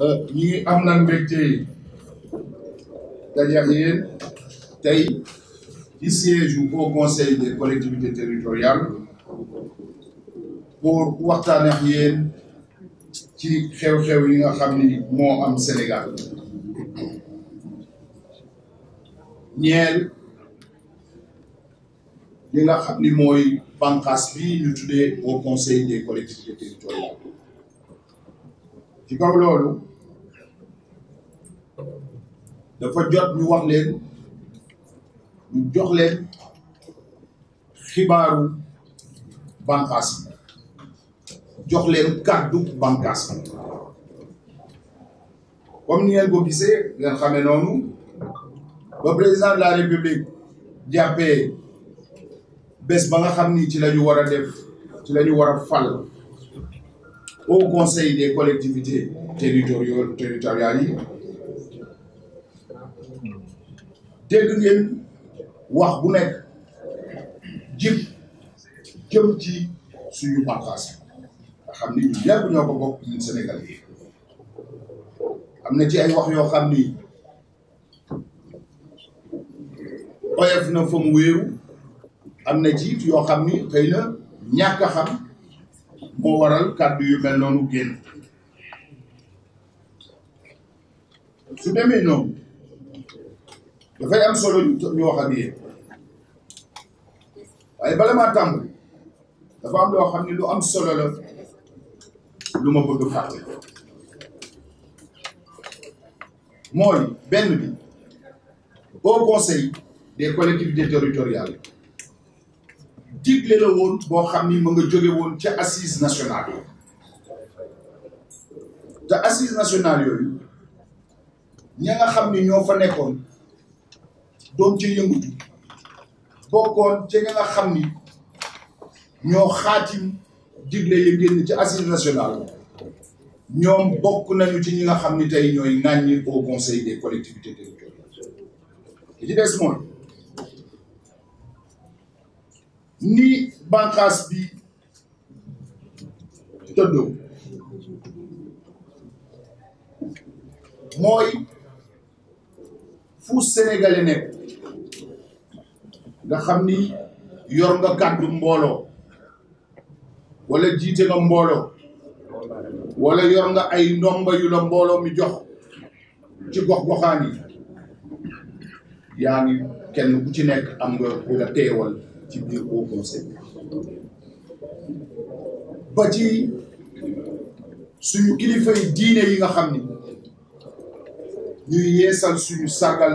nous avons am naan Conseil des collectivités territoriales pour voir rien qui fait xew-xew yi nga Sénégal Nous, li nga bi ñu Conseil des collectivités territoriales ci dafa jot ñu wax leen ñu jox leen xibaaru bànqaas jox leen comme ni nous ko gisee nous, président de la république jàppee ba nga ci a def ci la ñu au conseil des collectivités territoriales territoriales dégg ngeen wax bu nekk jib jëm ci suñu bànqaas xam ni ñu yi am na ci ay wax yoo xam ni oyof na fa mu wéeru am na ci yoo xam ni xëy na ñàkk xam moo waral kàddu yu mel noonu génn su demee noonu dafay am solo ñu wax ak yéen waaye bala maa tàmbali dafa am loo xam ne lu am solo la lu ma bëgg fàtte mooy benn bi boo conseil des collectivités territoriales digle la woon boo xam ni mu nga jóge woon ca assise nationale yooyu te nga xam ni ñoo fa nekkoon doon ci yëngatu bokkoon ci nga nga ñoo xaatim digle yi génn ci assemblée nationale ñoom bokk nañu ci ñi nga xam ni tey ñooy ŋàññi au conseil des collectivités territoriales li des mooy ni bànqaas bi tëddoo mooy fu Sénégalais nekk nga xam ni yor nga kàddu mbooloo wala jiite nga mbooloo wala yor nga ay ndomba yu la mbooloo mi jox ci gox goxaan yaa ngi kenn ku ci nekk am nga teewal ci biir Haut Conseil ba ci suñu kilifa yi diine yi nga xam ni ñuy yeesal suñu sargal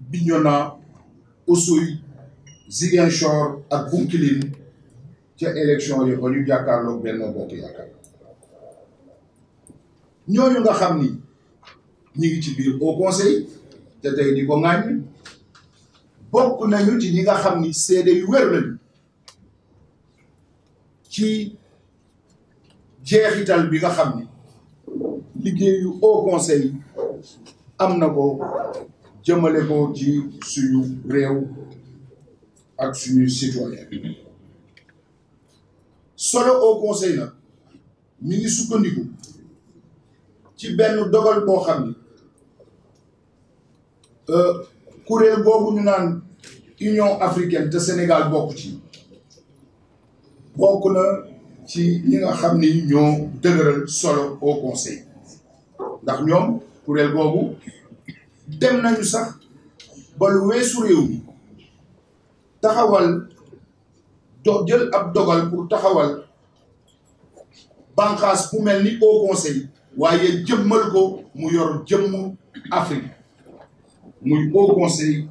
Bignona Oussouye Ziguinchor ak Bounkiling ca élection yi ba ñu jàkkaarloog Benno Bokk Yaakaar ñooñu nga xam ni ñu ngi ci biir au conseil te tey di ko ŋàññ bokk nañu ci ñi nga xam ni seede yu wér lañu ci jeexital bi nga xam ni liggéeyu au conseil am na ko jëmale ko ci suñu réew ak suñu citoyen solo au conseil nag mi ngi sukkandiku ci benn dogal boo xam ni euh, kuréel googu ñu naan Union africaine te Sénégal bokk ci bokk na ci ñi nga xam ni ñoo dëgëral solo au conseil ndax ñoom kuréel googu Dèm nan yousa, bol wè soulye ou, takawal, dò djèl ap dogal, pou takawal, bankas pou men ni o konsey, wèye djem mèl go, mou yor djem mou Afrika. Mou yon o konsey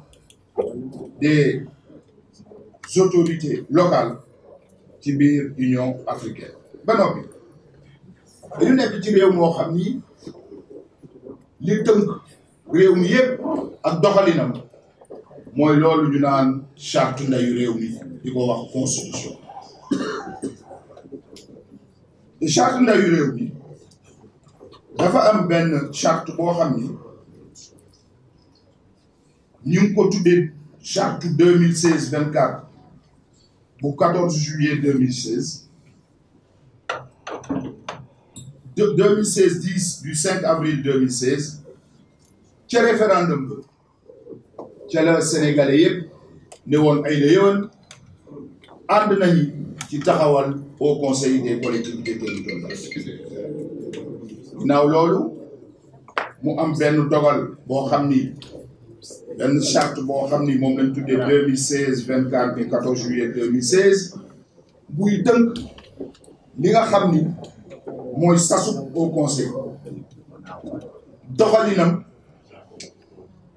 de zotorite lokal tibir, union, afrike. Beno mi? Rine bitire ou mou wakam ni, li tèm réew mi yëpp ak doxalinam mooy loolu ñu naan charte ndeyu réew mi di ko wax constitution charte ndeyu réew mi dafa am benn charte boo xam ni ñu ngi ko tuddee charte deux mille seize vingt quatre bu quatorze juillet deux mille seize deux mille seize dix du cinq avril ca référendum bi ca la sénégalais yëpp ne ay la yëwan ànd nañu ci taxawal au conseil des collectivités territoriales ginnaaw loolu mu am benn dogal boo xam ni benn charte boo xam ni moom lañ tuddee deux mille seize vingt quatre bi quatorze juillet buy dënk li nga xam ni mooy sasub au conseil doxalinam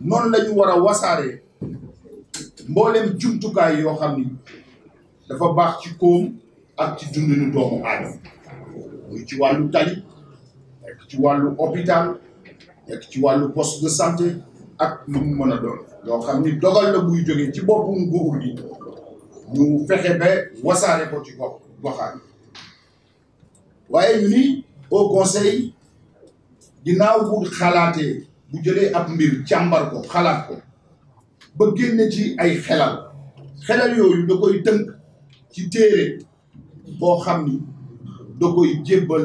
noonu lañu ñu war a wasaaree mbooleem jumtukaay yoo xam ni dafa baax ci koom ak ci dundinu doomu aadama muy ci wàllu tali nekk ci wàllu hôpital nekk ci wàllu poste de santé ak lu mu mën a doon yoo xam ni dogal la buy jógee ci boppu nguur gi ñu fexe ba wasaare ko ci gox goxaan waaye ni au conseil ginnaaw bu xalaatee bu jëlee ab mbir càmbar ko xalaat ko ba génne ci ay xelal xelal yooyu da koy tënk ci téere boo xam ni da koy jébbal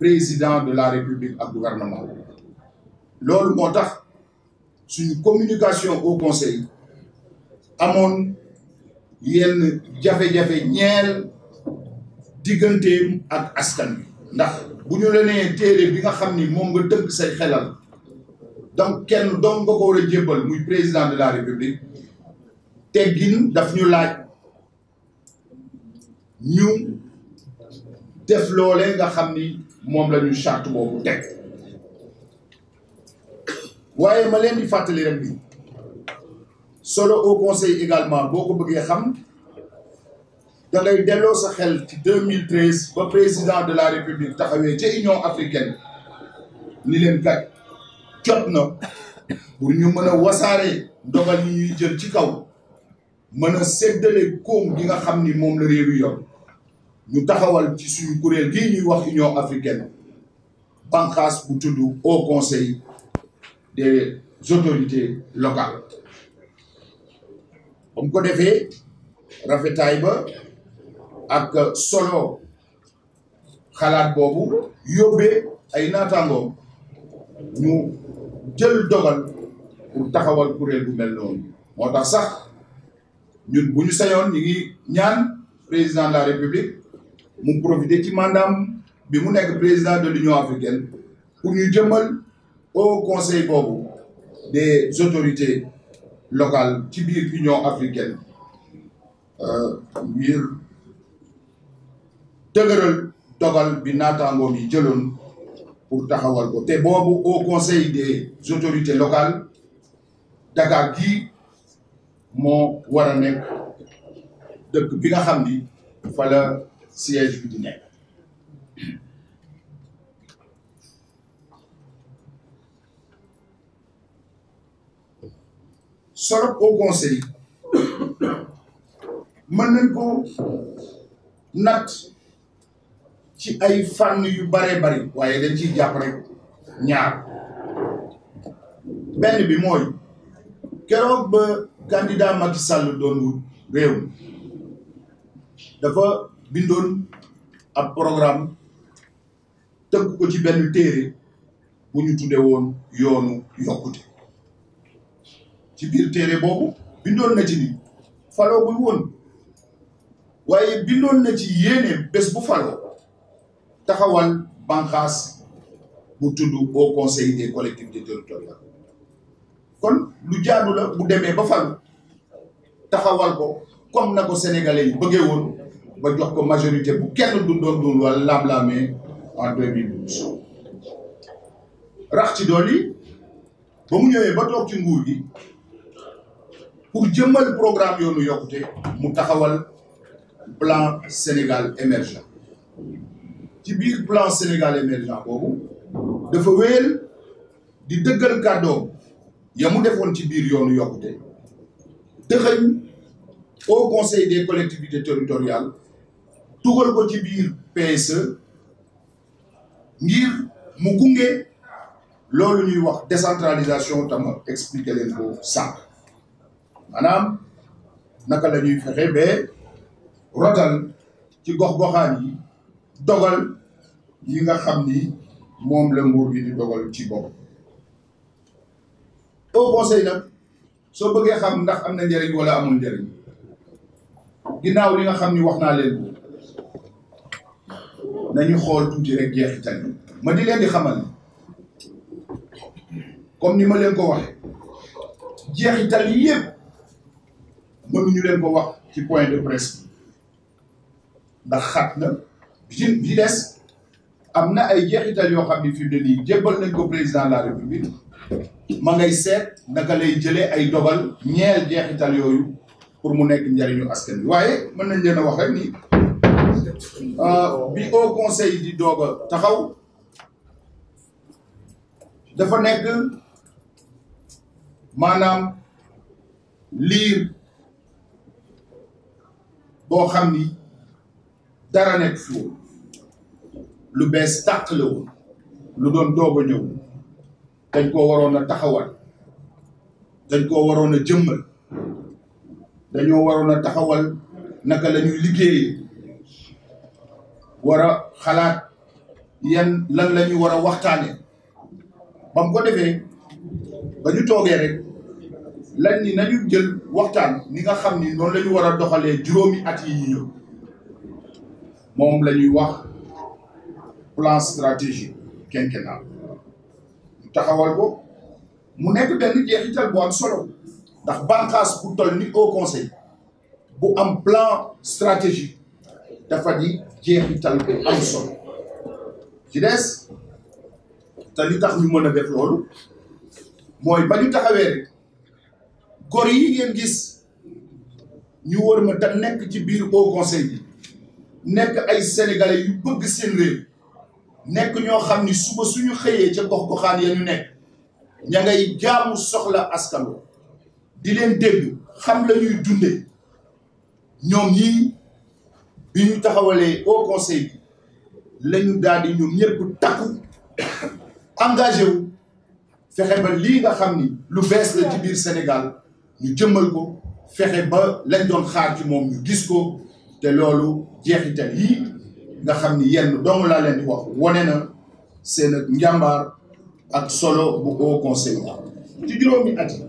président de la république ak gouvernement loolu moo tax suñu communication au conseil amoon yenn jafe-jafe ñeel digganteem ak askan bi ndax bu ñu la nee téere bi nga xam ni moom nga tënk say xelal donc kenn dom nga ko wara a muy président de la république teggin daf ñu laaj ñu def loolee nga xam ni moom la ñu charte boobu teg waaye ma leen di fàttali rek bi solo au conseil également boo ko bëggee xam da ngay delloo sa xel ci 2013 ba président de la république taxawee ca union africaine ni leen kat Tiyot nou. Bouri nou mwana wasare. Ndo gwa ni yi djen tika ou. Mwana sep dele koum. Din a kham ni mwom le riyou yon. Nou takawal tisu yu kurel. Gin yi wakinyo Afriken. Bankas koutou dou. Ou konsey. De zotorite lokal. Om kode ve. Rafi Taiba. Ak solo. Khalat bo ou. Yobbe ay natango. Nou koum. jël dogal pour taxawal kuréel bu mel noonu moo tax sax ñun bu ñu sañoon ñu ngi ñaan président de la république mu profiter ci mandaam bi mu nekk président de l'union africaine pour ñu jëmmal au conseil boobu des autorités locales ci biir union africaine euh, ngir dëgëral dogal bi naataangoom yi jëloon pour taxawal ko te au conseil des autorités locales d'agagi mon moo de a nekk dëkk bi la siège du di nekk au conseil mën ci ay fànn yu baree bari waaye dañ ci jàpp rek ñaar benn bi mooy keroog ba candidat Macky Sall doon wut réew dafa bindoon ab programme tëgg ko ci benn téere bu ñu tudde woon yoonu yokkute ci biir téere boobu bindoon na ci ni faloo buy woon waaye bindoon na bu faloo taxawal banqaas bu au conseil des collectivités territoriales kon lu la bu demee ba comme sénégalais yi majorité bu kenn du doon dul en 2012 rax ci Vous ba mu ba ci nguur pour jëmmal programme plan Sénégal émergent ci plan Sénégal émergent boobu dafa wéyal di dëggal kàddoom ya mu defoon ci biir yoonu de au conseil des collectivités territoriales Tout le ci biir PSE ngir mu gunge loolu ñuy wax décentralisation tam expliqué leen ko sànq maanaam naka la ñuy dogal yi nga xam ni moom la nguur gi di dogal ci bopp au conseil nag soo bëggee xam ndax am na njëriñ wala amul njëriñ ginnaaw li nga xam ni wax naa leen nañu xool tuuti rek jeexital yi ma di leen di xamal comme ni ma leen ko waxee jeexital yi yëpp mënuñu leen ko wax ci point de presse ndax xat na bi ci am na ay jeexital yoo xam ne fi ne nii jébbal nañ ko président de la république ma ngay seet naka lay jëlee ay dogal ñeel jeexital yooyu pour mu nekk njariñu askan bi waaye mën nañ leen a wax rek ni ah, bi au conseil di doog taxaw dafa nekk maanaam liir boo xam ni dara nekk fi woon lu bees tàq la lu doon doog a ñëw dañ koo waroon a taxawal dañ koo waroon a jëmmal dañoo waroon a taxawal naka lañuy ñuy liggéeyee war xalaat yan lan lañuy ñu war a waxtaanee ba mu ko defee ba ñu toogee rek lan ni nañu jël waxtaan ni nga xam ni noonu la ñu war a doxalee juróomi at yi ñu mom lañuy wax plan stratégique quinquennal ñu taxawal ko mu nekk benn jeexital bu am solo ndax bànqaas bu toll ni au conseil bu am plan stratégique dafa di jeexital bu am solo ci des te li tax ñu mën a def loolu mooy ba ñu taxawee rek gor yi ngeen gis ñu wër ma te nekk ci biir au conseil bi nek ay sénégalais yu bëgg seen réew nek ñoo xam ni suba suñu xëyee ca gox goxaan ya ñu nekk ña ngay soxla askan di leen dégg xam la ñuy au conseil bi dadi daal di ñoom ñëpp takku engagé wu fexe ba nga lu ci Sénégal ñu jëmmal ko ba doon te loolu jeexital yi nga xam ni yenn dong laa leen di wax wane na seen njàmbaar ak solo bu Haut Conseil ci juróomi at yi